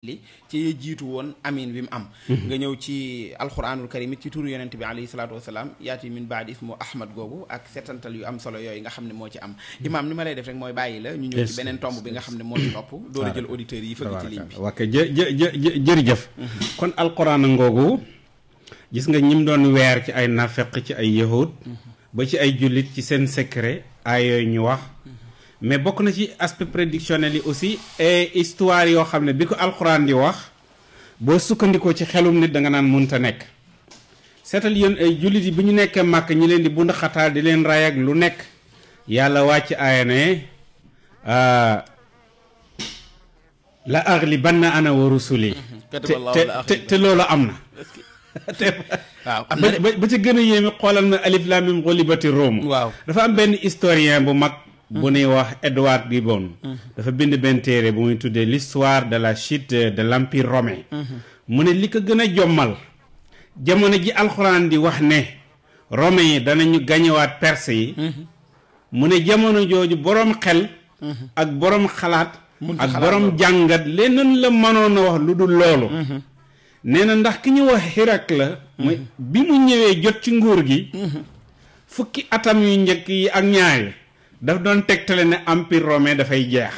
li ci jiitu woon amin bi mu am mhm. nga ñëw ci alxuraanul karim it ci turu yonent bi alayhi salaatu wasalaam yaati min baadi ismu ahmad googu ak setantal yu am solo yooyu nga xam ne moo ci am mhm. imaam ni ma lay def rek mooy bàyyi la ñu ñëw ci beneen tomb bi nga xam ne moo ci topp door a jël auditeurs yi fëgg ci ligne bi wak jë mhm. kon alxuraan ngoogu gis nga ñim doon weer ci ay nafeq ci ay yahud ba ci ay jullit ci seen secret ay yooyu ñu wax mais bokk na ci aspect prédictionnel yi aussi et yoo xam ne bi ko alxuraan di wax boo sukkandikoo ci xelum nit danga naan naan mënta nekk seetal yéen ay jullit yi bi ñu nekkee màkk ñi leen di bund xataal di leen ray ak lu nekk yàlla wàcc aaya ne ah, la aghlibanna ana wa rusuli mm-hmm. te te loolu am na waaw ba ba ci gën yéeme xoolal na alif lam mim dafa am benn historien bu mag bu ñuy wax Edward Gibbon mm-hmm. dafa bind benn téere bu muy tuddee l'histoire de la chute de l'empire romain mm-hmm. mu ne li ko gën a jommal jamono ji alxuraan di wax ne romain yi danañu gañewaat perse yi mm-hmm. mu ne jamono jooju boroom xel ak boroom xalaat ak boroom jàngat leneen la mënoon wax lu dul loolu nee ndax ki ñu wax Hirak la mooy bi mu ñëwee jot ci nguur gi fukki atam yu njëkk yi ak ñaari daf doon tegtale ne empire romain dafay jeex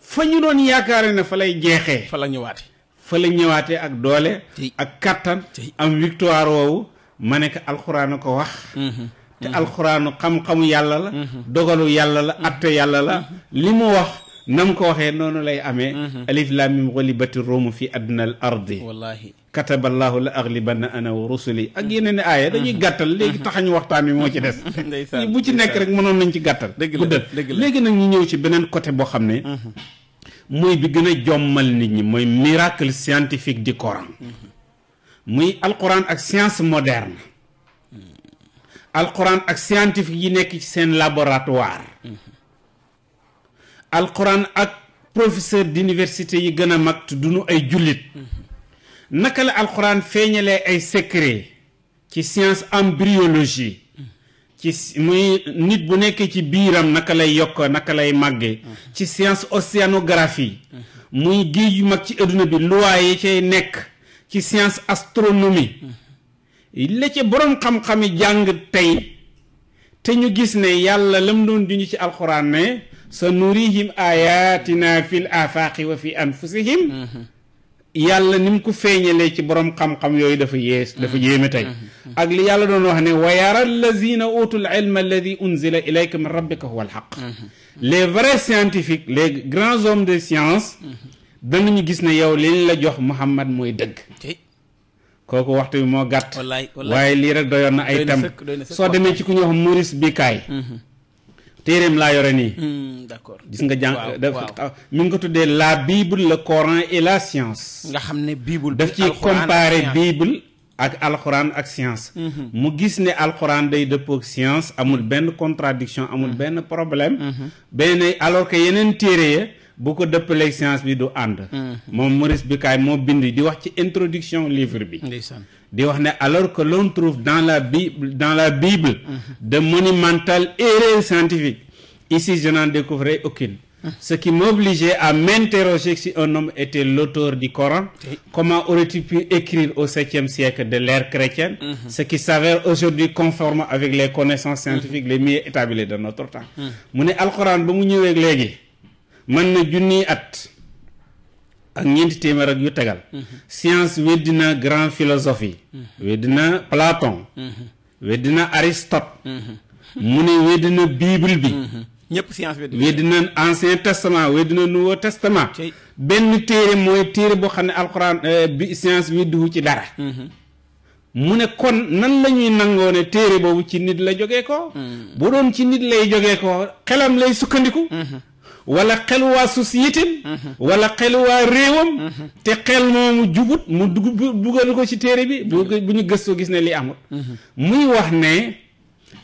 fa ñu doon yaakaare ne fa lay jeexee fa la ñëwaate fa la ñëwaatee ak doole ak kàttan am victoire woowu ma ne ko alxuraan ko wax mhm. te alxuraanu xam-xamu yàlla la mhm. dogalu yàlla la mhm. atte yàlla la li mu wax nam ko waxee noonu lay amee alif lam mim ghalibati ruum fi adna ardi kataballaahu la aghlibanna ana wa rusuli ak yeneen aaya dañuy mhm. gàttal léegi mhm. taxañ waxtaan wi moo ci des bu ci nekk rek mënoon nañ ci gàttal guddal léegi nag ñu ñëw ci beneen côté boo xam ne mhm. mooy bi gën a jommal nit ñi mooy miracle scientifique di Coran muy alquran ak science moderne alquran ak scientifique yi nekk ci seen laboratoire alquran ak professeur d'université yi gën a mag te duñu ay jullit naka la alxuraan feeñalee ay secret ci science embryologie ci muy nit bu nekkee ci biiram naka lay yokk naka lay màggee ci science océanographie muy géej yu mag ci adduna bi loi yi cay nekk ci science astronomie la ca boroom xam-xami jàng tey te ñu gis ne yàlla lam doon duñu ci alxuraan ne sa nurihim ayatina fil afaqi wa fi anfusihim yàlla ni mu ko feeñalee ci borom xam-xam yooyu dafa yées dafa mm-hmm. yéeme tey mm-hmm. ak li yàlla doon wax ne wa yara allazina utul ilma alladi unzila ilayka min rabbika huwa alxaq mm-hmm. les vrais scientifiques les grands hommes de science ñu gis ne yow li ñu la jox Muhammad mooy dëgg kooku waxtu bi moo gàtt waaye lii rek doyoon na ay tam soo demee ci ku ñuy wax Maurice Bucaille téeréem laa yore nii. Hmm, d'accord gis nga jàng mu ah, mi ngi ko tuddee la bible le coran et la science. nga xam ne bible daf ci comparer bible. ak alxuraan ak science. Hmm. mu gis ne alxuraan day dëppook science amul benn contradiction amul hmm. benn problème. benn alors que yeneen téere ya bu ko dëppaleeg science bi du ànd. moom Maurice Bucaille moo bind di wax ci introduction livre bi. ndeysaan di wax ne alors que l'on trouve dans la Bible dans la Bible mhm. de monumentales erreurs scientifiques ici je n'en découvrais aucune mhm. ce qui m'obligeait à m'interroger si un homme était l'auteur du Coran comment aurait écrire au septième siècle de l'ère chrétienne mhm. ce qui s'avère aujourd'hui conforme avec les connaissances scientifiques les mieux établies de notre temps mu ne alxuraan ba mu ñëwee léegi mën na junniy at ak ñeenti téeméer ak yu tegal mm-hmm. science weddi na grand philosophe yi mm-hmm. weddi na Platon mm-hmm. weddi na Aristote mu ne weddi na bi ñëpp science weddi na ancien testament weddi na nouveau testament benn téere mooy téere boo xam ne alxuraan euh, bi science weddiwu ci dara mu ne kon nan la ñuy nangoo ne téere boobu ci nit la joge ko mm. bu doon ci nit lay jógee ko xelam lay sukkandiku wala xel waa sociétéem mhm. wala xel waa réewam mhm. te xel moomu jubut mu dugg dugal ko ci téere bi bu mhm. ñu gëstoo gis ne li amul muy wax ne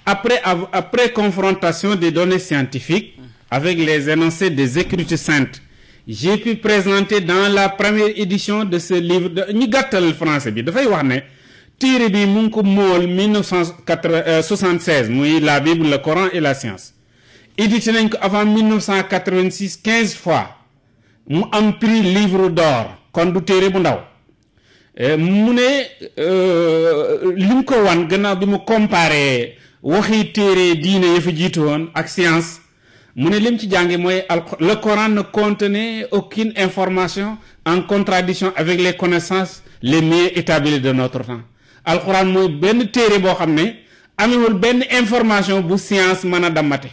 après après confrontation des données scientifiques avec les énoncés des écritures saintes j'ai pu présenter dans la première édition de ce livre ñu gàttal français bi dafay wax ne téere bi mu ngi ko mool 1976 euh, muy la Bible le Coran et la science édité nañ ko avant 1986 15 fois mu am prix livre d'or kon du téere bu ndaw euh, mu ne euh, li mu ko wan gannaaw bi mu comparé waxi téere diine ya fi jiitu woon ak science mu ne lim ci jànge mooy le Coran ne contenait aucune information en contradiction avec les connaissances les mais établies de notre temps alquran mooy benn téere boo xam ne amewul benn information bu science mën a dammate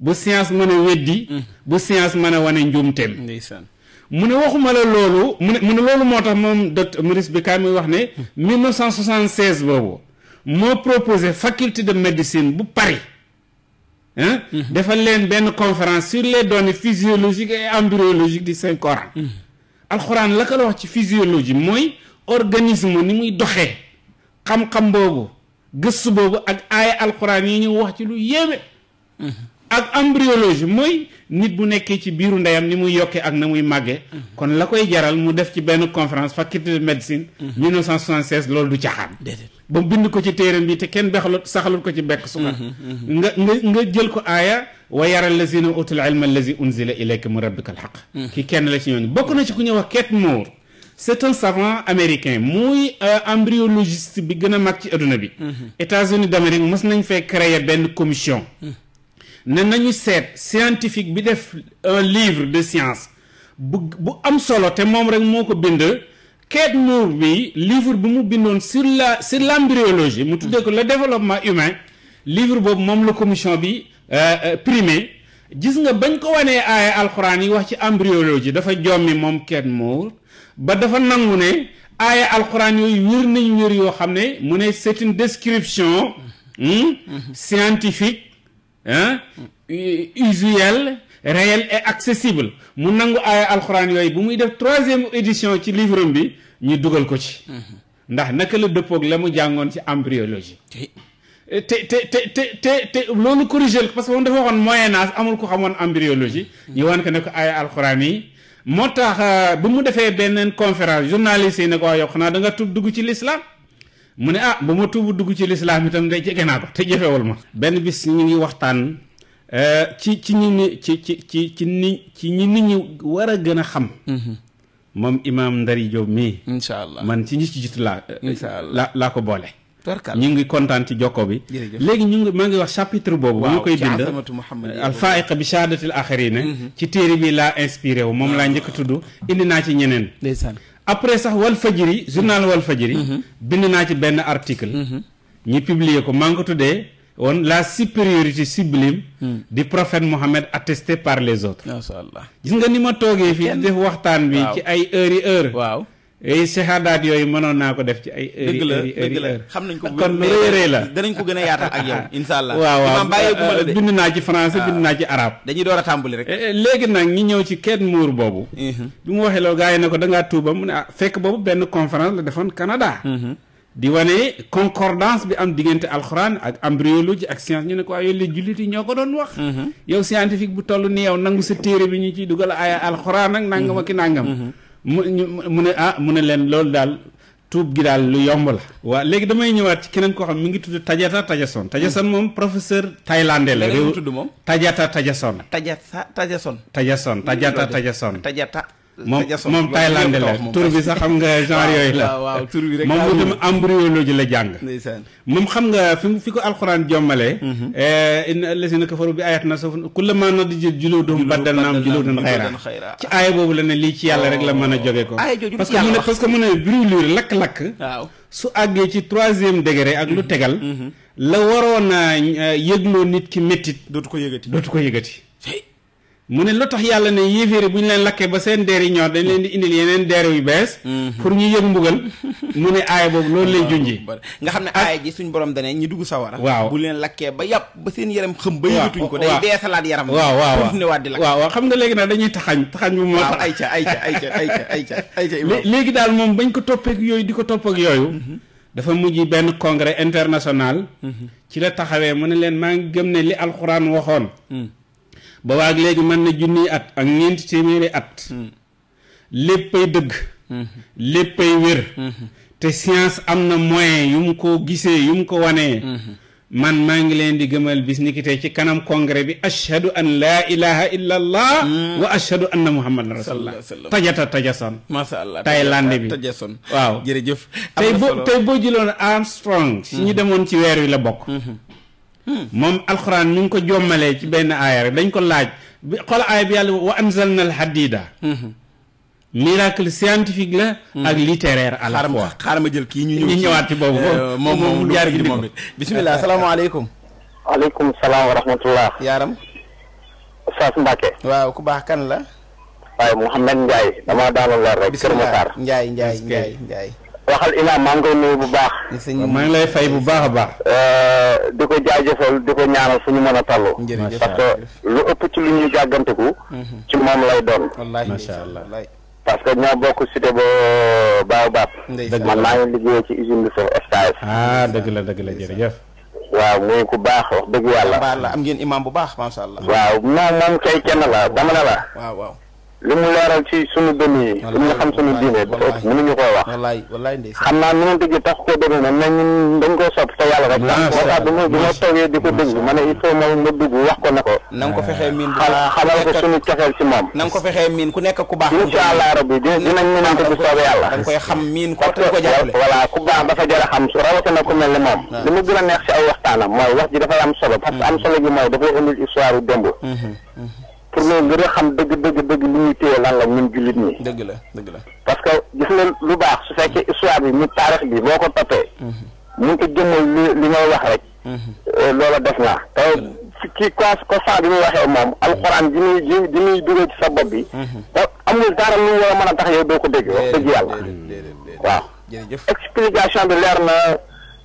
bu science mën a weddi hmm. bu science mën a wane njuumteem mu ne waxuma la loolu mu ne mu ne loolu moo tax moom docteur Maurice Bucaille muy wax ne 1976 hmm. boobu moo proposé faculté de médecine bu Paris hmm. defal leen benn conférence sur les données physiologiques et embryologiques du Saint Coran alxuraan la ko la wax ci physiologie mooy organisme ni muy doxee xam-xam boobu gëstu boobu ak aaya alxuraan yi ñu wax ci lu yéeme ak embryologie mooy nit bu nekkee ci biiru ndeyam ni muy yokkee ak na muy màggee. kon la koy jaral mu def ci benn conférence faculté de médecine. 1976 mhm. loolu du caaxaan. ba bind ko ci téeram bi te kenn bexalut saxalut ko ci bekk sukkar mhm, mhm. nga nga nga jël ko aaya wa yaral lazina utul ilma allazi unzila ilayka min rabbika alxaq ki kenn la ci ñooñu bokk na ci ku ñuy wax Kate Moore c'est un savant américain muy euh, embryologiste bi gën a mag ci adduna bi États-Unis d'Amérique mës nañ fee créer benn commission ne nañu seet scientifique bi def livre de science bu bu am solo te moom rek moo ko bind ket Moore bi livre bi mu bindoon sur la si l'embryologie mu tuddee ko la développement humain livre boobu moom la commission bi euh, euh, prime gis nga bañ ko wanee aaya alxuraan yi wax ci embryologie dafa jommi moom Kate Moore ba dafa nangu ne aaya alxuraan yooyu wér nañ wér yoo xam ne mu ne c'est une description hmm, mm-hmm. scientifique ah usuel réel et accessible mu nangu aaya alxuraan yooyu bu muy def troisième édition ci livre bi ñu dugal ko ci ndax naka la dëppoog la mu jàngoon ci embryologie eh, te te te te te te loolu corrigé parce que moom dafa waxoon moyen âge amul ko xamoon embriologie ñu wan ko ne ko aaya alxuraan yi moo tax euh, bu mu defee benn conférence journaliste yi ne ko wax yow xanaa da nga tub dugg ci l'islam mu ne ah ba ma tuubu dugg ci lislaam itam day jege naa ko te jëfewul ma benn bis ñu ngi waxtaan eh, ci ci ñi ni ci ci ci ci ni ci ñi nit ñi war a gën a xam mm-hmm. moom imaam Ndari Diop mii incha allah man ci ñi ci jiitu laa eh, laa laa ko boole ñu ngi kontaan ci jokko bi léegi ñu ngi maa ngi wax chapitre boobu bu ñu koy bind alfaiqa bi shahadatil axirina mm-hmm. ci téere bi laa inspiré wu moom laa njëkk tudd mm-hmm. indi naa ci ñeneen après sax wal fajiri journal wal fajiri mhm. bind naa ci benn article mhm. ñi publier ko maa ngi ko tuddee woon la supériorité sublime mhm. di prophète Mohammed attesté par les autres macha allah gis nga ni ma toogee fii def waxtaan bi ci ay heures yi heure waaw yooyu eh, yooyu mënoon naa ko def ci ay. dëgg la dëgg xam nañ ko ah, kon lu rëy rëy la danañ ko gën a yaatal ak yow incha allah. waaw waaw ah, bind naa ci français bind naa ci ah. araab dañuy door a tàmbali rek. Eh, eh, léegi nag ñi ñëw ci kenn muur boobu. Uh-huh. bi mu waxee loolu gars yi ne ko da ngaa tuuba mu ne ah fekk boobu benn conférence la defoon Canada. Uh-huh. di wane concordance bi am diggante alxuraan ak embryologie ak science ñu ne ko waaye yooyu la jullit yi ñoo ko doon wax. Uh-huh. yow scientifique bu toll ni yow nangu sa téere bi ñu ciy dugal ay alxuraan ak nangam ak i nangam. mu mu ne ah mu ne leen loolu daal tuub gi daal lu yomb la waa léegi damay ñëwaat ci keneen koo xam mi ngi tudd Tajata Tajason Tajason moom professeur thaïlandais la réew tudd moom Tajata Tajason Tajata Tajason Tajason Tajata Tajason Tajata moom moom Thaïlande la tur bi sax xam nga genre yooyu la waaw tur bi rek moom la jàng moom xam nga fi fi ko alxuraan jommalee mhm. eh, inna allazina kafaru bi ayatina saf kullama nadijat juluduhum baddalnaahum juludan xayra ci aaya boobu la ne lii ci yàlla rek la mën a oh. jóge ko parce que mu ne parce mu ne brûlure lakk-lakk su àggee ci troisième degré ak lu mhm. tegal mhm. la waroon a eh, yëgloo nit ki méttit dootu ko yëgati dootu ko yëgati mu ne lu tax yàlla ne yéeféeri bu ñu leen lakkee ba seen deer yi ñoo dañ leen di indil yeneen deer yu bees mhm. pour ñu yëg mbugal mu ne aaya boobu loolu lay junji nga xam ne aaya ji suñ borom dane ñi dugg sawara waaw bu leen lakkee ba yàpp ba seen yaram xëm ba yëgatuñ ko day deesalaat yaram waaw waaw waaw ne waat di lakk waaw xam nga léegi nag dañuy taxañ taxañ bu moo tax ay ayca ay ayca ay ayca léegi daal moom bañ ko toppeek yooyu di ko topp ak yooyu mhm. dafa mujj benn congrès international mhm. ci la taxawee mu ne leen maa ngi gëm ne li alxuraan waxoon ba waag léegi mën na junniy at ak ñeenti téeméeri at hmm. léppay dëgg hmm. léppay wér hmm. te science am na moyen yu mu ko gisee yu mu ko wanee man maa ngi leen di gëmal bis ni ki ci kanam congrès bi ashhadu an laa ilaha illa allah wa ashhadu anna muhammadan rasulullah tajata tajason masha allah taylande bi tajason waaw jërëjëf tey boo tey boo Armstrong si ñu demoon ci weer wi la bokk moom alxuraan ni ngi ko jommalee ci benn aaya rek dañ ko laaj bi xool aaya bi yàlla wa anzalna al hadida mhm. scientifique la. Mhm. ak littéraire à la xaaral ma jël kii ñu ñëw ñu ñëwaat ci boobu. Euh, moom moom jaar gi moom it bisimilah salaamaaleykum. waaleykum waaw ku baax kan la. waaye Mouhamed Ndiaye damaa daanu la rek. Kër Massar bisimilah waxal imaam maa ngi koy bu baax. maa ngi lay fay bu baax a baax. Euh, di ko jaajëfal di ko ñaanal fu ñu mën a tallu. parce que lu ëpp ci lu ñuy jàgganteku. Mhm. ci moom lay doon. macha allah parce que ñoo bokk cité ba Baobab. man maa ngi liggéey ci usine bi sa stage. Ah, dëgg la dëgg la jërëjëf. waaw muy ku baax wax dëgg wàlla am ngeen imaam bu baax macha allah. waaw moom moom kay kenn la dama ne la. waaw waaw. li mu leeral ci sunu dënn yi suñu xam sunu diine ba ëpp mënuñu koy wax xam naa nu ngi ji tax ko dëgg na nañ dañ koo sopp te yàlla rek la moo tax bi ma bi ma di ko déglu ma ne il faut moom wax ko ne ko na nga ko fexee miin xamal ko suñu cofeel ci na ko fexee miin ku nekk ku baax incha allah rabbi di dinañ mënante bu soobee yàlla da koy xam miin ko te ko jàppale ku baax dafa jar a xam su rawatina ku mel ni moom li a neex ci ay waxtaanam mooy wax ji dafay am solo parce mm-hmm. mooy dafay indil histoire yu démb mm-hmm. Mm-hmm. pour ñoo gën a xam dëgg dëgg dëgg li ñuy téye lan la ñun jullit ñi. parce que gis nga lu baax su fekkee histoire bi mu taarix bi boo ko toppee. Mm-hmm. mu ngi ko jëmmal li li ngay wax rek. Mm-hmm. Euh, loola def naa te ci constat bi mu waxee moom alxuraan ji muy ji muy duggee ci sa bopp bi. Mm-hmm. te amul dara lu ñu war a mën a tax yow doo ko dégg wax dëgg yàlla. waaw explication bi leer na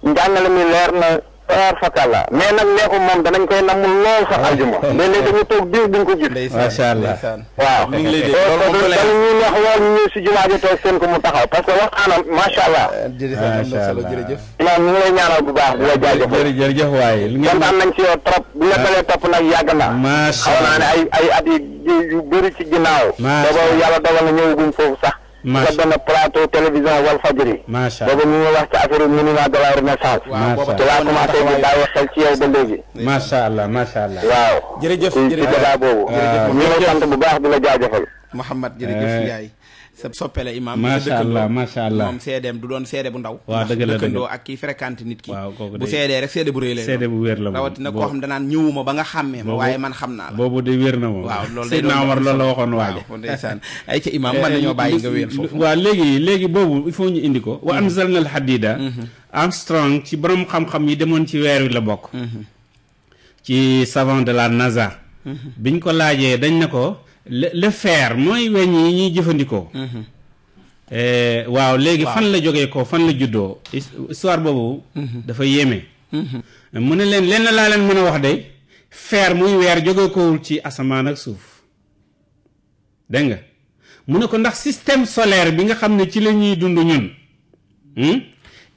njàngale mi leer na. waaw fakala mais nag neexu moom danañ koy namm lool sax aljuma. Ah. léeg-léeg dañu toog diir duñ ko gis. macha allah waaw. mi ngi lay dégg loolu si jumaa ji toog seen ko mu taxaw parce que waxtaanam macha ah, allah. jërëjëf ngi lay ñaanal bu baax di la jaajëfal. jërëjëf waaye. kontaan nañ ci yow trop. bu ñu ah. la topp nag yàgg na. macha allah xaw naa ne ay ay at ci ginnaaw. macha allah booba yàlla dogal na ñëwaguñ sax. macha allah benn plateau télévision Walfadjri. macha allah boobu ñu ngi wax ci affaire monument de la renaissance. macha allah ci laa commencé di bàyyi xel ci yow ba léegi. macha allah macha allah. waaw. jërëjëf jërëjëf ci débat boobu. ñu ngi sant bu baax di la jaajëfal. Mouhamad jërëjëf eh. la imaam macha allah macha allah moom bu ndaw waaw dëgg la dëkkandoo ak ba nga xàmmee ma waaye man xam naa la boobu de wér na moom waaw loolu day Seydina waxoon waaye ay ca imaam eh, mën nañoo bàyyi nga wér foofu waaw léegi léegi boobu il faut ñu indi ko wa mhm. anzalna al hadida mhm. Armstrong ci borom xam-xam yi demoon ci weer wi la bokk mhm. ci savant de la NASA biñ ko laajee dañ ne ko le le fer mooy weñ yi ñuy jëfandikoo. Mhm. Eh, waaw léegi fan la jógee ko fan la juddoo histoire boobu. Mhm. dafa yéeme. Mhm. mu ne leen lenn laa leen mën a wax de fer muy weer jóge kowul ci asamaan ak suuf dégg nga mu ne ko ndax système solaire bi nga xam ne ci la ñuy dund ñun. Hmm?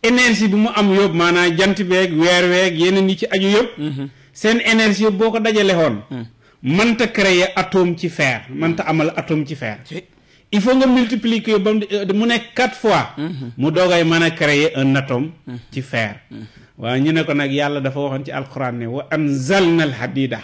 énergie bi mu am yóbbu maanaam jant beeg weer week yeneen yi ci aju yëpp. seen énergie boo ko dajale xoon hmm. mënta créer atome ci fer manta amal atome ci fer il faut nga multiplier ba mu euh, nekk quatre fois mhm. mu doogay mën a créer un atome mhm. ci fer mhm. waaw ñu ne ko nag yàlla dafa waxoon ci alquran ne wa anzalna al hadida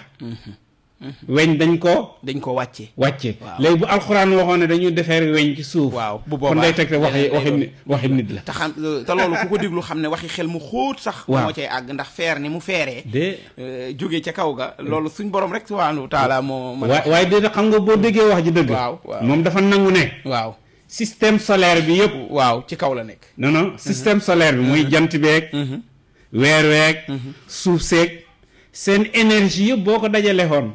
Mhm. weñ dañ ko dañ ko wàcce wàcce léegi bu alxuraan waxoon ne dañu defeer weñ ci suuf waaw bu boobaa kon day teg waxi waxi nit waxi nit la te xam euh, te loolu ku ko déglu xam ne waxi xel mu xóot sax moo cay àgg ndax feer ni mu feeree de euh, jóge ca kaw ga loolu suñ borom rek subhaanahu wa taala moo ma waaye de xam nga boo déggee wax ji dëgg waaw moom dafa nangu ne waaw système solaire bi yëpp waaw ci kaw la nekk non non mhm. système solaire bi muy mhm. jant beeg weer weeg suuf seeg seen énergie yëpp boo ko dajale xoon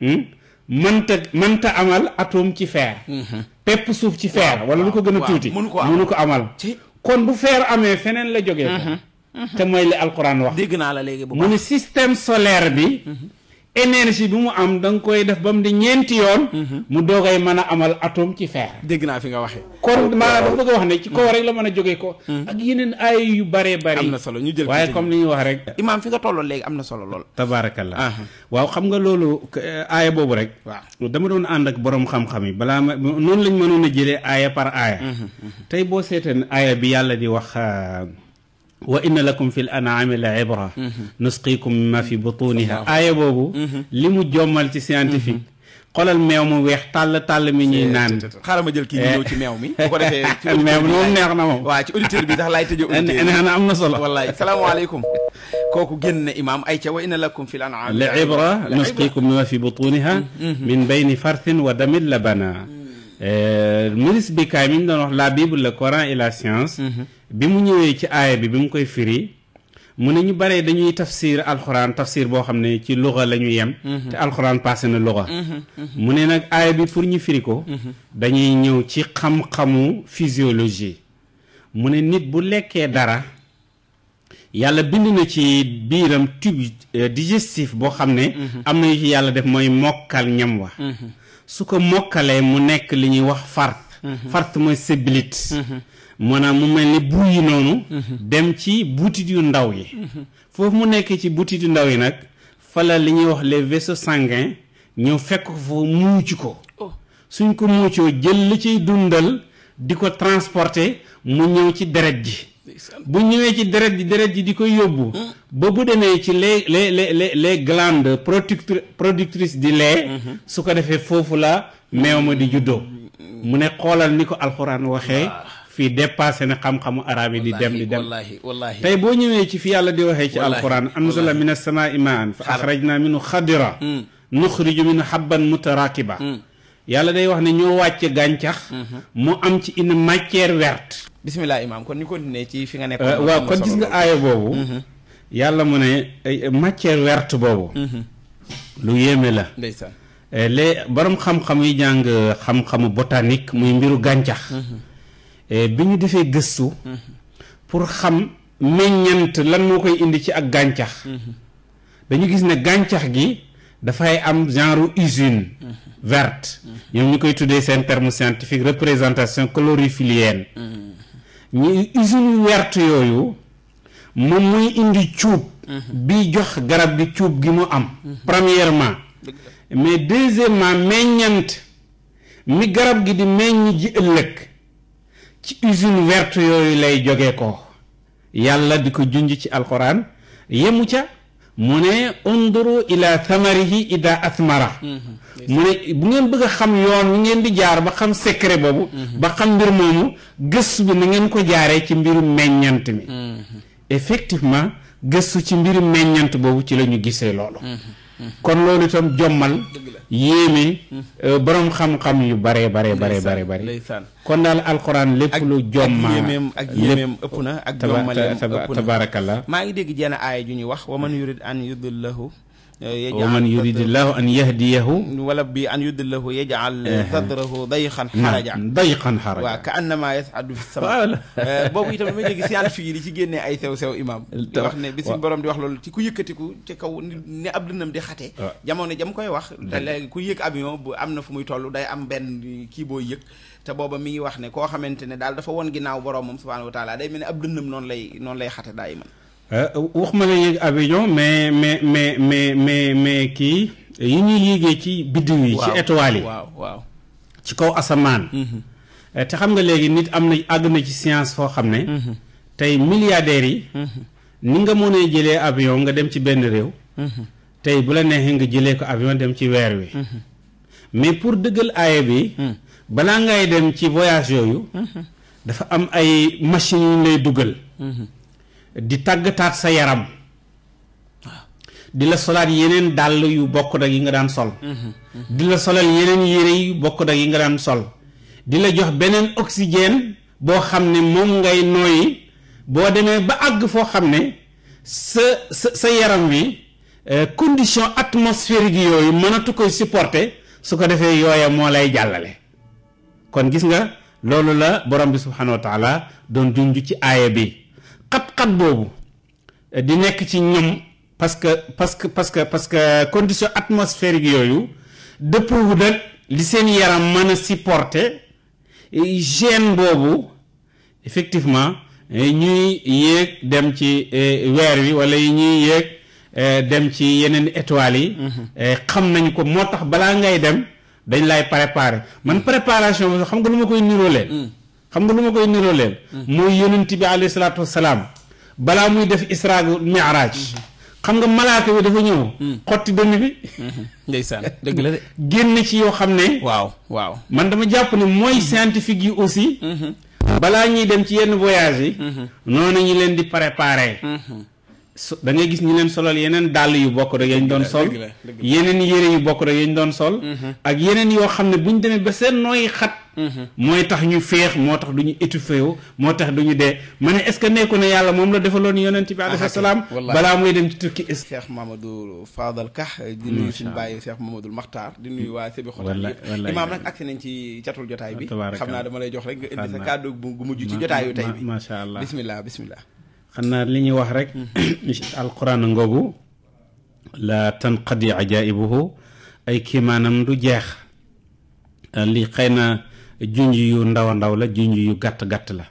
Hmm? mënta mënta amal atome ci fer. Mhm. pepp suuf ci fer. wala lu ko gën a tuuti mënu ko amal kon bu fer amee feneen la jógee. Mhm. Mhm. te mooy li alquran wax. dégg naa la léegi bu mu ne système solaire bi. énergie bi mu am da nga koy def ba mu di ñeenti yoon. Mhm. mu doogay mën a amal atome ci fer. dégg naa fi nga waxee. kon maanaam bëgg a wax ne ci kaw mhm. rek la mën a jógee ko. Mhm. ak yeneen ay yu baree bari. am na solo ñu jël waaye comme li ñu wax rek. imaam fi nga tolloon léegi am na solo lool. tabaarakallah. Ah. waaw xam nga loolu aaya boobu rek. waaw dama doon ànd ak borom xam-xam yi balaa ma noonu lañ mënoon a jële aaya par aaya. tey boo seeteen aaya bi yàlla di wax. Euh, wa inna lakum fi l anaami la ibra mm-hmm. nusqikum mimma fi butuniha aaya boobu mm-hmm. li mu jommal ci scientifique mm-hmm. xolal meew mu weex tàll tàll mi ñuy naan xaaral ma jël kii ñëw ci meew mi bu ko defee meew mi moom neex na moom waaw ci auditeur bi sax laay tëjee auditeur nee na am na solo wallaay salaamaaleykum kooku génn na imaam ayca wa inna lakum fi l anaami la ibra nusqikum mimma fi butuniha min bayni farthin wa damin labana eh, ministre bi kaay mi ñu doon wax la bible le coran et la science bi mu ñëwee ci aaya bi bi mu koy firi mu ne ñu bare dañuy tafsir alxuraan tafsir boo xam ne ci luga la ñu yem mhm. te alxuraan passé na luga mhm. Mhm. mu ne nag aaya bi pour ñu firi ko dañuy ñëw ci xam-xamu physiologie mu ne nit bu lekkee dara yàlla bind na ci biiram tube euh, digestif boo xam ne am na yu ci yàlla def mooy mokkal ñam wa su ko mokkalee mu nekk li ñuy wax fart fart mooy sébbilit maanaam mu mel ni buy yi noonu. Mhm. dem ci butit yu ndaw yi. Mhm. foofu mu nekk ci butit yu ndaw yi nag fala li ñuy wax les vaisseaux sanguins ñëw fekk ko fa muuc ko. Oh. suñ ko muucoo jël li ci dundal di ko transporter mu ñëw ci deret ji. bu ñëwee ci deret ji deret ji di ko yóbbu. Mm. ba bu demee ci les les les les glandes productri productrices di lait. Mm-hmm. su ko defee foofu la meew ma di juddoo. Mm-hmm. mu ne xoolal ni ko alxuraan waxee. fii dépassé na xam-xamu arab yi di dem di dem tey boo ñëwee ci fi yàlla di waxee ci am alquran anzala mi as-samaa'i maa'an fa axrajna minhu xadira hmm. nuxriju minhu habban mutarakiba hmm. yàlla day wax ne ñoo wàcce gàncax hmm. mu am ci une matière verte bismillah imaam kon ñu continuer ci fi nga nekk euh, waaw kon gis nga aaya boobu yàlla mu ne matière verte boobu lu yéeme la ndeysaan euh, les borom xam-xam yi jàng xam-xamu botanique muy mbiru gàncax Eh, bi ñu defee gëstu pour xam meññant lan moo koy indi ci ak gàncax dañu gis ne gàncax gi dafay am genre usine verte ñoom ñu koy tuddee seen terme scientifique représentation chlorophyllienne ñu usine wert yooyu moom mooy indi cuub bi jox garab gi cuub gi mu am premièrement mais deuxièmement meññant mi garab gi di meññ ji ëllëg ci usine verte yooyu lay joge ko yàlla di ko junj ci alxuraan yemu ca mu ne unduru ila thamarihi ida athmara mm-hmm. mu ne bu ngeen bëgg a xam yoon wi ngeen di jaar ba xam secret boobu mm-hmm. ba xam mbir moomu gëstu bi na ngeen ko jaaree ci mbiru meññant mi mm-hmm. effectivement gëstu ci mbiru meññant boobu ci la ñu gisee loolu kon loolu itam jommal yéeme euh, borom xam-xam yu bare bare bare bare bare kon daal alxuraan lépp lu jommal ak yéemeem ëpp na ak jommaleem ëpp na tabaarakallah maa ngi dégg jenn aaya ju ñu wax man yurid an yudillahu waman yuridillahu an yahdiyahu wala bi an yudillahu yajal sadrahu dayqan xaraja dayqan xaraja waaw ka annama yasadu fi sama boobu itam damay dégg science yi di ci génnee ay sew sew wax ne bi suñu di wax loolu ci ku yëkkatiku ci kaw ni ab dënnam di xate jamono jam koy wax léegi ku yëg avion bu am na fu muy toll day am benn kii boo yëg te booba mi ngi wax ne koo xamante ne daal dafa won ginnaaw boroomam subhanahu wa taala day mel ne ab dënnam noonu lay noonu lay xate daay man Euh, waxuma ma yéeg avion mais mais mais mais mais mais kii yi ñuy yéegee ci biddiw yi. ci étoiles yi waaw waaw ci kaw asamaan. Mhm. Euh, te xam nga léegi nit am na àgg na ci science foo xam ne. Mhm. tey milliardaires yi. Mhm. ni nga mënee jëlee avion nga dem ci benn réew. tey bu la neexee nga jëlee ko avion dem ci weer wi. mais pour dëggal aaye bi. balaa ngay dem ci voyage yooyu. dafa am ay machines yu lay dugal. di tàggataat sa yaram di la solaat yeneen dàll yu bokk ak yi nga daan sol di la solal yeneen yére yu bokk ak yi nga daan sol di la jox beneen oxygène boo xam ne moom ngay nooy boo demee ba àgg foo xam ne sa sa yaram wi euh, condition atmosphérique yooyu mënatu koy supporter su ko defee yooya moo lay jàllale kon gis nga loolu la borom bi subhanahu wa taala doon junj ci aaya bi xat-xat boobu eh, di nekk ci ñoom parce que parce que parce que parce que condition atmosphérique yooyu dëppwu nag li seen yaram mën a supporter gène boobu effectivement eh, ñuy yéeg dem ci eh, weer wi wala yi ñuy yéeg dem ci yeneen étoiles yi mhm. xam nañ ko moo tax balaa ngay dem dañ lay préparer man préparation bi xam nga lu ma koy niroo leen mm. xam nga lu ma koy niroo leen mooy yonent bi alayhi salaatu wasalaam balaa muy def israa mi'raaj xam nga malaaka bi dafa ñëw hmm. xotti dënn bi hmm. ndeysaan dëgg génn ci yoo xam ne waaw waaw man dama jàpp ne mooy hmm. scientifique yi aussi balaa ñuy dem ci yenn voyage yi noonu ñu leen di préparer so da ngay gis ñu leen solal yeneen dàll yu bokk rek yañ doon sol yeneen yére yu bokk rek yañ doon sol mhm. ak yeneen yoo xam ne bu ñu demee ba seen nooy xat mhm. mooy tax ñu feex moo tax du ñu étouffé wu moo tax du dee ma ne est-ce que nekku ne yàlla moom la defaloon yonent bi alayhi salaam balaa muy dem ci tukki is Cheikh Mamadou Fadal Kax di nuyu suñu bàyyi Cheikh Mamadou Makhtar di nuyu waa Sébi Xotaan yëpp imaam nag agsi nañ ci catul jotaay bi xam naa dama lay jox rek nga indi sa kàddu gu mujj ci jotaayu tey bi macha xanaa li ñuy wax rek mm-hmm. alquran ngoogu la tanqadi ajaibuhu ay kiimaanam du jeex euh, li xëy na junj yu ndaw ndaw la junj yu gàtt-gàtt la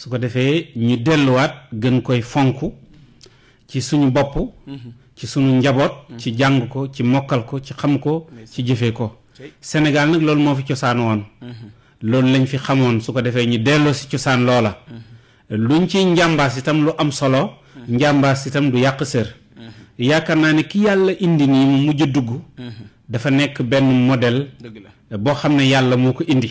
su ko defee ñu delluwaat gën koy fonk ci suñu bopp mm-hmm. ci suñu njaboot mm-hmm. ci jàng ko ci mokkal ko ci xam ko ci jëfee ko Sénégal nag loolu moo fi cosaan woon loolu lañ fi xamoon su ko defee ñu delloo si cosaan loola luñ ci njàmbaas itam lu am solo njàmbaas itam du yàq sër yaakaar naa ne ki yàlla indi nii mu mujj dugg dafa nekk benn modèle boo xam ne yàlla moo ko indi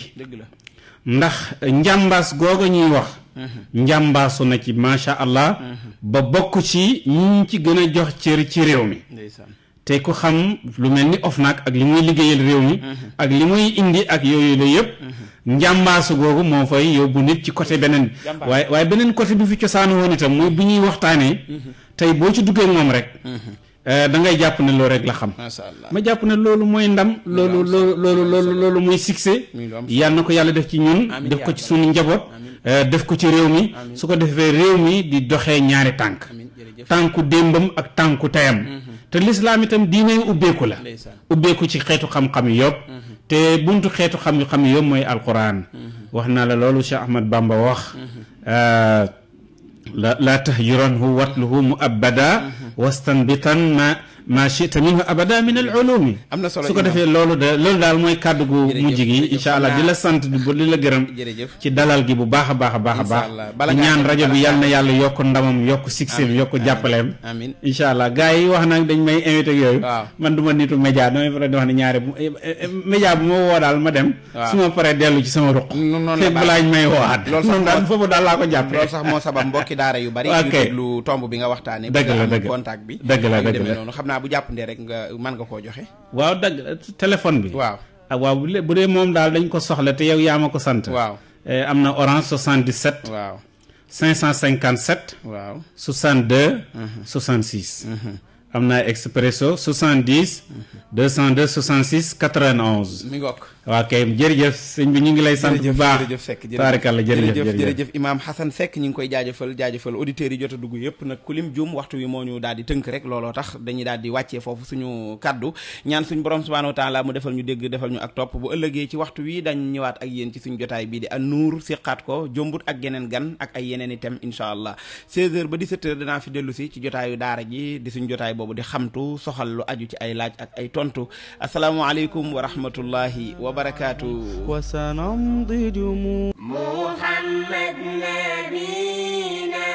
ndax njàmbaas googa ñuy wax mhm. njàmbaasu na ci macha allah mhm. ba bokk ci ñi ñu ci gën a jox cër ci réew mi te ko xam lu mel ni OFNAC ak li muy liggéeyal réew mi mhm. ak li muy indi ak yooyu la yëpp mhm. njàmbaasu googu moo fay yóbbu nit ci côté beneen bi waaye waaye beneen côté bi fi cosaanu woon itam mooy bu ñuy waxtaanee mhm. tey boo ci duggee moom rek euh, da ngay jàpp ne loolu rek la xam ma jàpp ne loolu mooy ndam loolu loolu loolu loolu loolu mooy succès yàlla na ko yàlla def ci ñun def ko ci suñu njaboot euh, def ko ci réew mi su ko defee réew mi di doxee ñaari tànk tànku démbam ak tànku tayam te lislaam itam diinay ubbeeku la ubbeeku ci xeetu xam-xam yi yëpp mhm. te buntu xeetu xam-xam yi yëpp mooy alquran mhm. wax naa la loolu Cheikh Ahmad Bamba wax mhm. euh, la laa tahjuranhu watluhu mu abada wastanbitan ma ma chita minhu abada min al ulumi am su ko defee loolu de loolu daal mooy kàddu gu mujj gi incha allah di la sant di la gërëm ci dalal gi bu baax a baax a baax a baax ñaan rajo bi yal na yàlla yokk ndamam yokk succès yokk jàppaleem amiin incha allah gars yi wax nag dañ may invité yooyu man du ma nitu média damay faral di wax ne ñaari média bu ma woo daal ma dem su ma paree dellu ci sama ruq te balaañ may woowaat noonu daal foofu daal laa ko jàppee loolu sax moo sabab mbokki daara yu bari lu tomb bi nga waxtaane dëgg la dëgg la dëgg la bu jàpp jàppandee rek nga mën nga koo joxe. waaw dagg téléphone bi. waaw ak ah, waaw bu dee moom daal dañ ko soxla te yow yaa ma ko sant. waaw eh, am na orange 77. waaw 557. waaw 62. 66. Mhm. am naa expresso 70 202 66 91. mi ngoog waa kay jërëjëf sëñ bi ñu ngi lay sant bu baax jërëjëf Seck taarikàlla jërëjëf jërëjëf jërëjëf Imaam Xasan sekk ñu ngi koy jaajëfal jaajëfal auditeurs yi jot dugg yëpp nag ku lim waxtu wi moo ñu daal di tënk rek looloo tax dañu daal di wàccee foofu suñu kaddu ñaan suñu borom subhanahu wa taala mu defal ñu dégg defal ñu ak topp bu ëllëgee ci waxtu wi dañ ñëwaat ak yéen ci suñu jotaay bi di An-Nour siqaat ko jombut ak geneen gan ak ay yeneen itam incha allah 16 heures ba 17 si ci jotaayu daara ji boobu di xamtu soxal lu aju ci ay laaj ak ay tontu asalaamualeykum wa rahmatullahi wa barakaatu wa sanamdiju muhammad nabina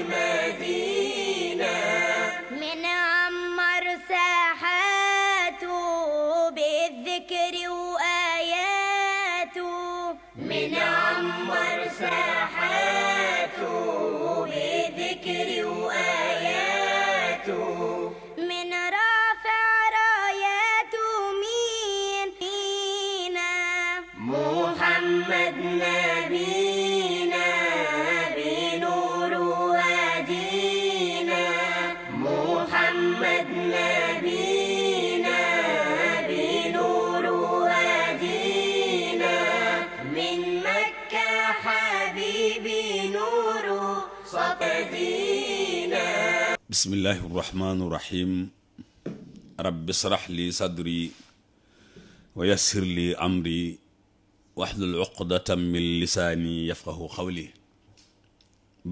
Amen. bismillahi irrahmani irrahim rabbi israh li sadri wa yassir li amri waxlul uqdatam min lisaani yafqahu xawli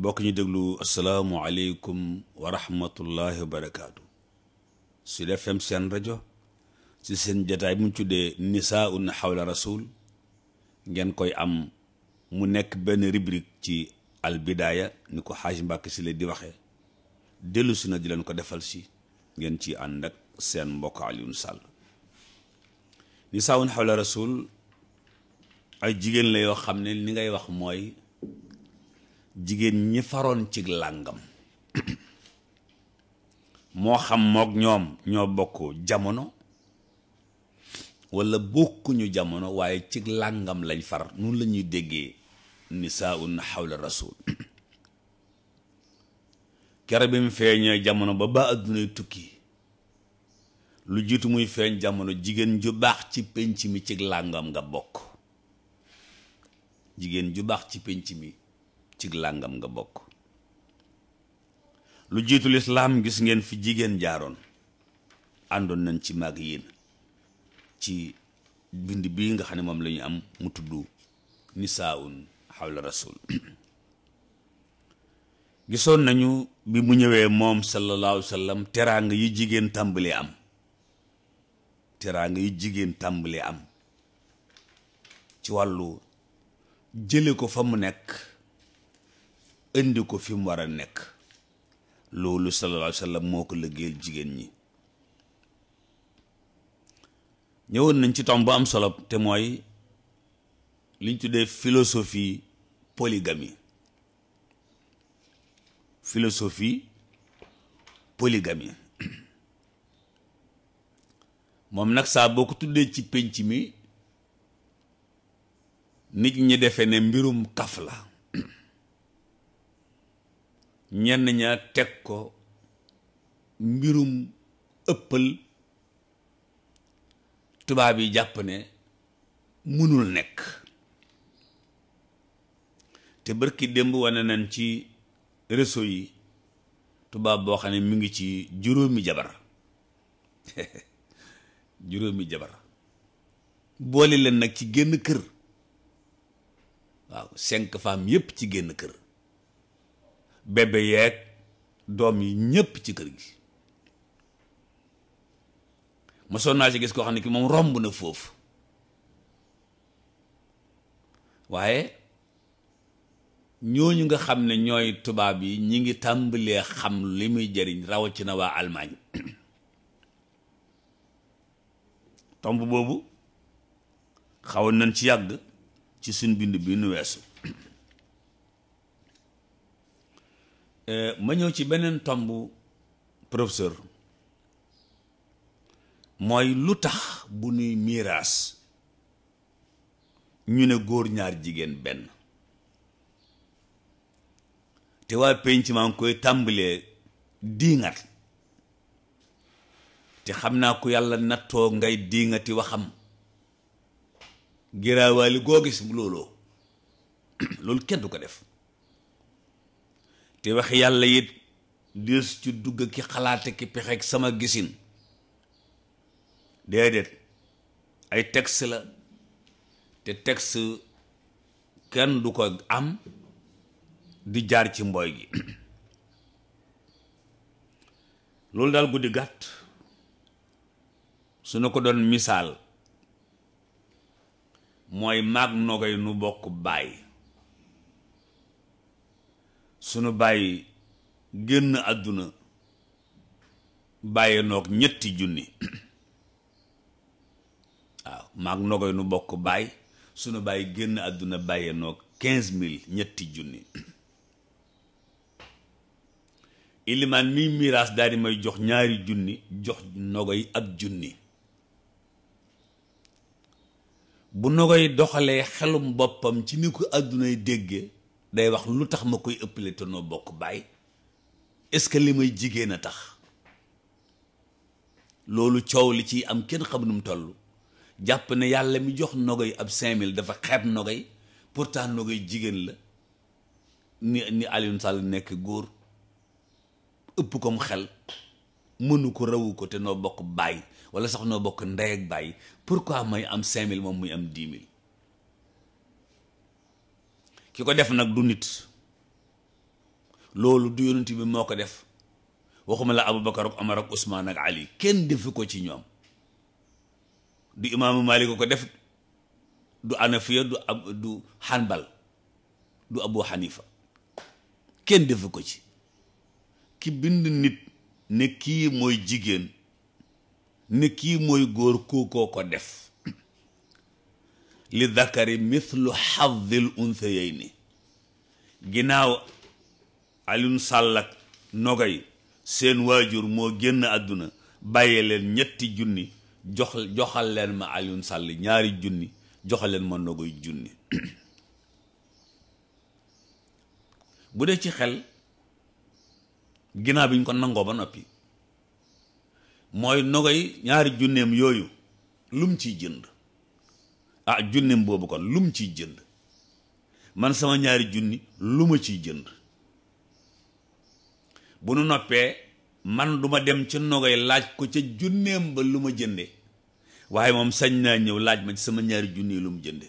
bokk ñu déglu asalaamu aleykum wa rahmatullahi wa barakaatu Sud FM seen rajo si seen jataay mu tuddee nisaaun xawla rasul ngeen koy am mu nekk benn rubrique ci albidaaya ni ko xaaj Mbàkke si la di waxee dellusi na di leen ko defal si ngeen ci ànd ak seen mbokk Alioune Sall nisaawun xawla rasul ay jigéen la yoo xam ne li ngay wax mooy jigéen ñi faroon ci làngam moo xam mook ñoom ñoo bokk jamono wala bokkuñu jamono waaye ci làngam lañ far nun la ñuy déggee nisaawun xawla rasul kere bi mu feeñee jamono ba ba addunay tukki lu jiitu muy feeñ jamono jigéen ju baax ci pénc mi ci làngam nga bokk jigéen ju baax ci pénc mi ci làngam nga bokk lu jiitu lislaam gis ngeen fi jigéen jaaroon àndoon nañ ci mag yéen ci bind bii nga xam ne moom la am mu tudd nisaun xawla rasul gisoon nañu bi mu ñëwee moom sallallahu alayhi wa sallam yu jigéen tàmbali am teraanga yu jigéen tàmbali am ci wàllu jële ko fa mu nekk indi ko fi mu war a nekk loolu sallallahu alayhi wa moo ko liggéey jigéen ñi ñëwoon nañ ci tomb bu am solo te mooy liñ tuddee philosophie polygamie philosophie polygamie moom nag saa boo ko tuddee ci pénc mi nit ñi defe ne mbirum kaf la ñenn ñaa teg ko mbirum ëppal tubaab yi jàpp ne mënul nekk te bërki démb wane nañ ci réseau yi tubaab boo xam ne mu ngi ci juróomi jabar juróomi jabar boole leen nag ci génn kër waaw cinq femmes yépp ci génn kër bébé yeeg doom yi ñépp ci kër gi ma sonn naa ci gis koo xam ne ki moom romb na foofu waaye ñooñu nga xam ne ñooy tubaab yi ñu ngi tàmbalee xam li muy jëriñ rawatina waa almaañ tomb boobu xawoon nañ ci yàgg ci suñ bind bi nu weesu eh, ma ñëw ci beneen tomb professeur mooy lu tax bu ñuy miraas ñu ne góor ñaar jigéen benn te waa penc maa ngi koy tàmbalee diiŋat te xam naa ko yàlla nattoo ngay diiŋati waxam giraawaali goo gis looloo loolu kenn du ko def te wax yàlla it diir ci dugg ki xalaat ki pexeeg sama gisin déedéet ay texte la te texte kenn du ko am di jaar ci mbooy gi loolu daal guddi gàtt su na ko doon misaal mooy maag nogay nu bokk baay sunu baay génn àdduna bàyyi noog ñetti junni waaw maag nogay nu bokk baay sunu baay génn àdduna bàyyi noog quinze mille ñetti junni ilimaan mi miraas daal di may jox ñaari junni jox nogo yi ak junni bu nogo yi doxalee xelum boppam ci ni ko yi dégge day wax lu tax ma koy ëppale te noo bokk baay est-ce que li may jigéen a tax loolu coow li ci am kenn xam nu mu toll jàpp ne yàlla mi jox yi ab cinq mille dafa xeeb nogoy pourtant nogoy jigéen la ni ni Alioune nekk góor ëpp ko mu xel mënu ko rawu ko te noo bokk bàyyi wala sax noo bokk ndey ak bàyyi pourquoi may am cinq mille moom muy am dix ki ko def nag du nit loolu du yonent moo ko def waxuma la Abubakar ak Omar ak Ousmane ak Ali kenn defu ko ci ñoom du imaamu Malik ko def du Anafiya du ab du Hanbal du Abu Hanifa kenn defu ko ci ki bind nit ne kii mooy jigéen ne kii mooy góor kookoo ko def li dakari mithlu xaddil unsayayni ginnaaw Alioune Sall ak Nogay seen waajur moo génn àdduna bàyyi leen ñetti junni jox joxal leen ma Alioune Sall ñaari junni joxal ma Nogay junni bu dee ci xel ginnaaw bi ñu ko nangoo ba noppi mooy nogoy ñaari junneem yooyu lum ciy jënd ah junneem boobu kon lum ciy jënd man sama ñaari junni lu ma ciy jënd bu nu noppee man duma dem ca nogay laaj ko ca junneem ba lu ma jënde waaye moom sañ naa ñëw laaj ma sama ñaari junni lu jënde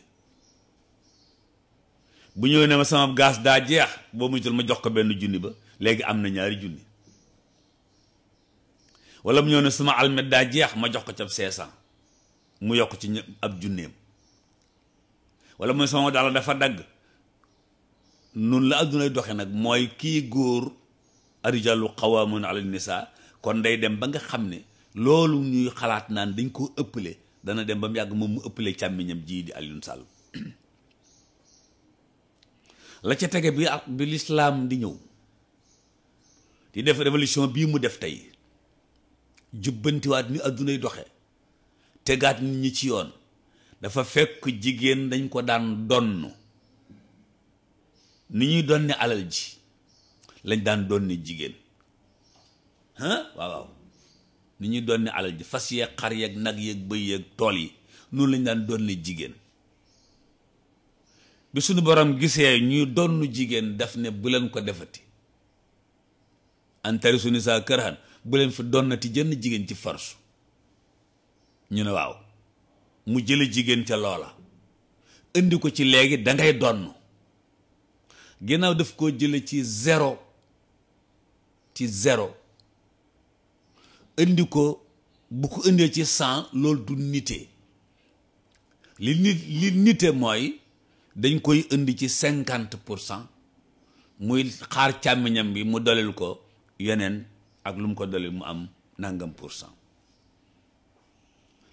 bu ñëwee ne ma sama gaas daa jeex boo mujjul ma jox ko benn junni ba léegi am na ñaari junni wala mu ñëw ne sama almet daa jeex ma jox ko ca 500 mu yokk ci ab junneem wala mu ne sama daal dafa dagg nun la addunay doxe nag mooy kii góor arijalu qawaamun ala nisa kon day dem ba nga xam ne loolu ñuy xalaat naan dañ koo ëppale dana dem ba mu yàgg moom mu ëppale càmmiñam jii di Alioune Sall la ca tege bi ak bi lislaam di ñëw di def révolution bii mu def tey jubbantiwaat ni addunay doxe tegaat nit ñi ci yoon dafa fekk jigéen dañ ko daan donn ni ñuy donne alal ji lañ daan donne jigéen ah waaw waaw ni ñuy donne alal ji fas yeeg xar yeeg nag yeeg bëy yeeg tool yi noonu lañ daan donne jigéen bi suñu borom gisee ñuy donn jigéen daf ne bu leen ko defati an tarisu nisaa kërhan bu leen fi donnati jën jigéen ci farsu ñu ne waaw mu jële jigéen ca loola indi ko ci léegi dangay ngay donn ginnaaw daf koo jële ci zéro ci zéro indi ko bu ko indee ci cent loolu du nite li nit li nite mooy dañ koy indi ci cinquante pour cent muy xaar càmmiñam bi mu dolel ko yeneen ak lu mu ko dolli mu am nangam pour cent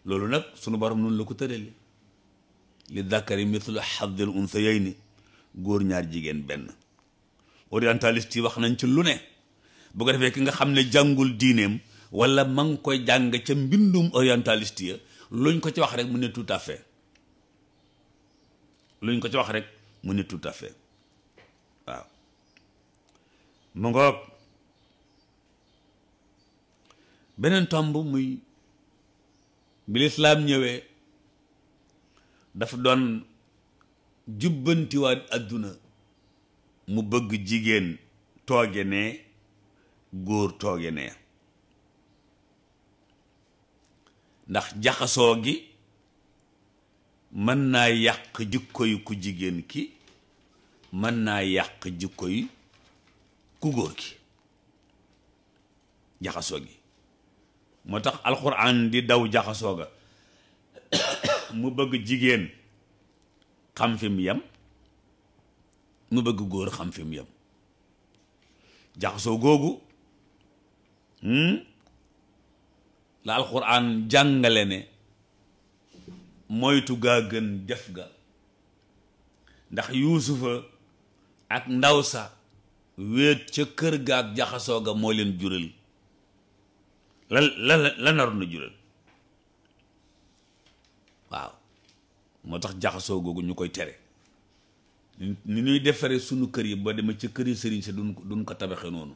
loolu nag sunu borom noonu la ko tëralee li dakari sa haddil ni góor ñaar jigéen benn orientaliste yi wax nañ ci lu ne bu ko defee ki nga xam ne jàngul diineem wala ma ngi koy jàng ca mbindum orientaliste ya luñ ko ci wax rek mu ne tout à fait luñ ko ci wax rek mu ne tout à fait waaw beneen tomb muy bi ñëwee dafa doon jubbantiwaat adduna mu bëgg jigéen tooge ne góor tooge ne ndax jaxasoo gi mën naa yàq jikko yu ku jigéen ki mën naa yàq jikko yu ku góor ki jaxasoo gi moo tax alxuraan di daw jaxasoo ga mu bëgg jigéen xam yam mu bëgg góor xam fi mu jaxasoo googu hmm, la alxuraan jàngale ne moytu gaa gën def ga ndax yuusufa ak ndaw sa wéet ca kër gaak jaxasoo ga moo leen jural lan lan la naroon na jural waaw moo tax jaxasoo googu ñu koy tere ni ñuy defaree sunu kër yi ba demee ci kër yi sëriñ si duñ ko duñ ko tabaxe noonu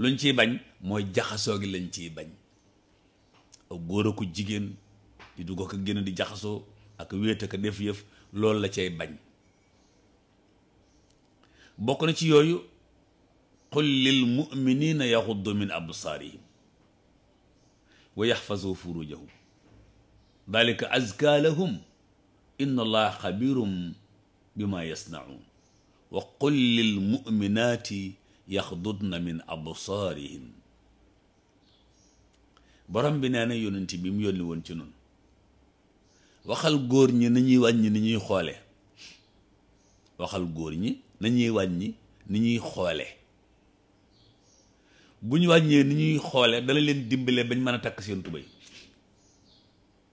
luñ ciy bañ mooy jaxasoo gi lañ ciy bañ ak góor jigéen di dugg ko génn di jaxasoo ak wéet def yëf loolu la cay bañ bokk na ci yooyu qul lil muminina yaxuddu min yi wa yaxfazu furujahum dalika azka lahum inna allaha xabirum bima yasnaun wa qul lil muminati yaxdudna min absaarihin borom bi nee na yónent bi mu yónni woon ci noonu waxal góor ñi nañuy wàññi ni ñuy xoole waxal góor ñi nañuy wàññi ni ñuy xoole bu ñu wàññee ni ñuy xoole dana leen dimbale bañ mën a takk seen tubéy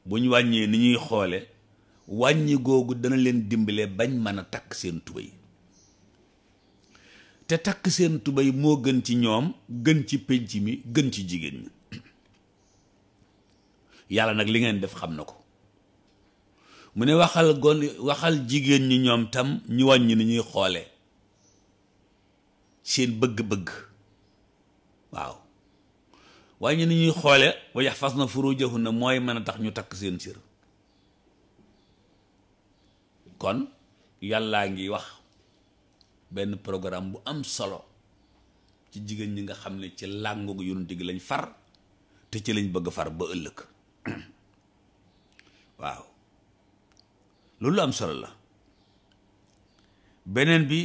bu ñu wàññee ni ñuy xoole wàññi googu dana leen dimbale bañ mën a takk seen tubéy te takk seen tubéy moo gën ci ñoom gën ci pénc mi gën ci jigéen ñi yàlla nag li ngeen def xam na ko mu ne waxal gon waxal jigéen ñi ñoom tam ñu wàññi ni ñuy xoole seen bëgg-bëgg waaw waaye ñu ni ñuy xoole wa yax fas na furujahunna mooy mën a tax ñu takk seen sër kon yàllaa ngi wax benn programme bu am solo ci jigéen ñi nga xam ne ci làngoog yonent gi lañ far te ci lañ bëgg far ba ëllëg waaw loolu am solo la beneen bi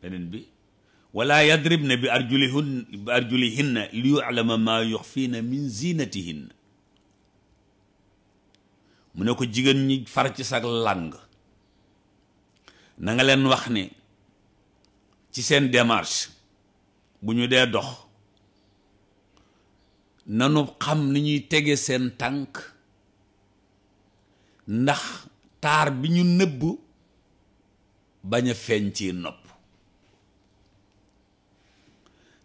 beneen bi wala yadribna bi arjulihun bi arjulihinna li yu'lama maa yuxfiina min zinatihinna mu ne ko jigéen ñi far ci sag làng na leen wax ni ci seen démarche bu ñu dee dox nanu xam ni ñuy tege seen tànk ndax taar bi ñu nëbb bañ a feeñ ci nopp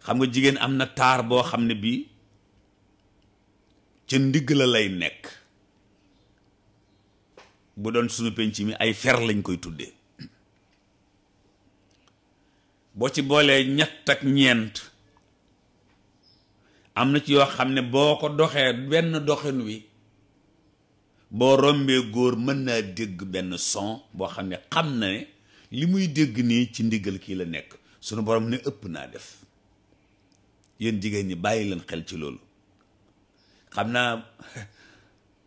xam nga jigéen am na taar boo xam ne bii ci ndigg la lay nekk bu doon sunu penc mi ay fer lañ koy tuddee boo ci boolee ñett ak ñeent am na ci yoo xam ne boo ko doxee benn doxin wi boo rombee góor mën naa dégg benn son boo xam ne xam na ne li muy dégg nii ci ndiggal kii la nekk sunu borom ne ëpp naa def yéen jigéen ñi bàyyi leen xel ci loolu xam naa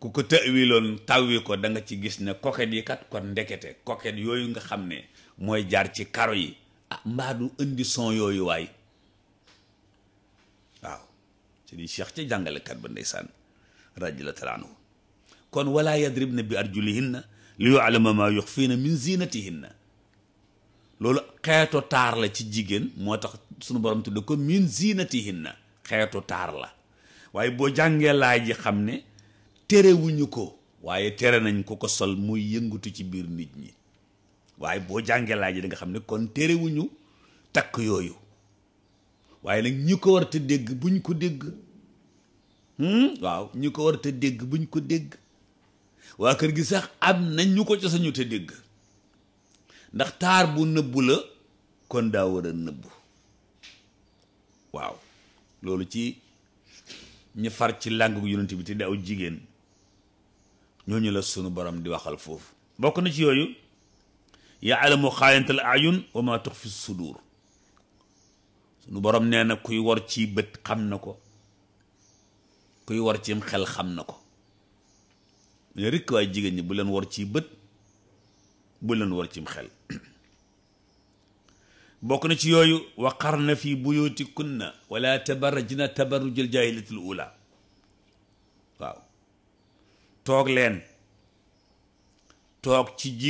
ku ko tëwiloon tawwi ko danga ci gis ne coquette yi kat kon ndekete coquette yooyu nga xam ne mooy jaar ci karo yi ah mbaa du indi son yooyu waay waaw ci di cheikh ca jàngalekat ba ndeysaan radiyallahu taala anhu kon wala yadribna bi arjulihinna li yu'lama ma yuxfiina min zinatihinna loolu xeetu taar la ci jigéen moo tax sunu borom tudd ko min na xeetu taar la waaye boo jàngee laay yi xam ne téerewuñu ko waaye tere nañ ko ko sol muy yëngatu ci biir nit ñi waaye boo jàngee laaj yi da nga xam ne kon téerewuñu takk yooyu waaye nag ñi ko war te dégg buñ ko dégg hmm? waaw ñi ko war te dégg buñ ko dégg waa kër gi sax am nañ ñu ko ca te dégg ndax taar bu nëbbu la kon daa war a nëbbu waaw loolu ci ñu far ci làngu yonent bi te di aw jigéen ñooñu la sunu borom di waxal foofu bokk na ci yooyu yaalamu xaayanatal ayun wa ma tux fi sudur sunu borom nee na kuy war ci bët xam na ko kuy war cim xel xam na ko mu ne rekk waay jigéen ñi bu leen war ci bët bu leen war cim xel bokk na ci yooyu waqarna fi buyutikunna wala tabarrajna tabarrujal jaahilatil ula waaw toog leen toog ci ji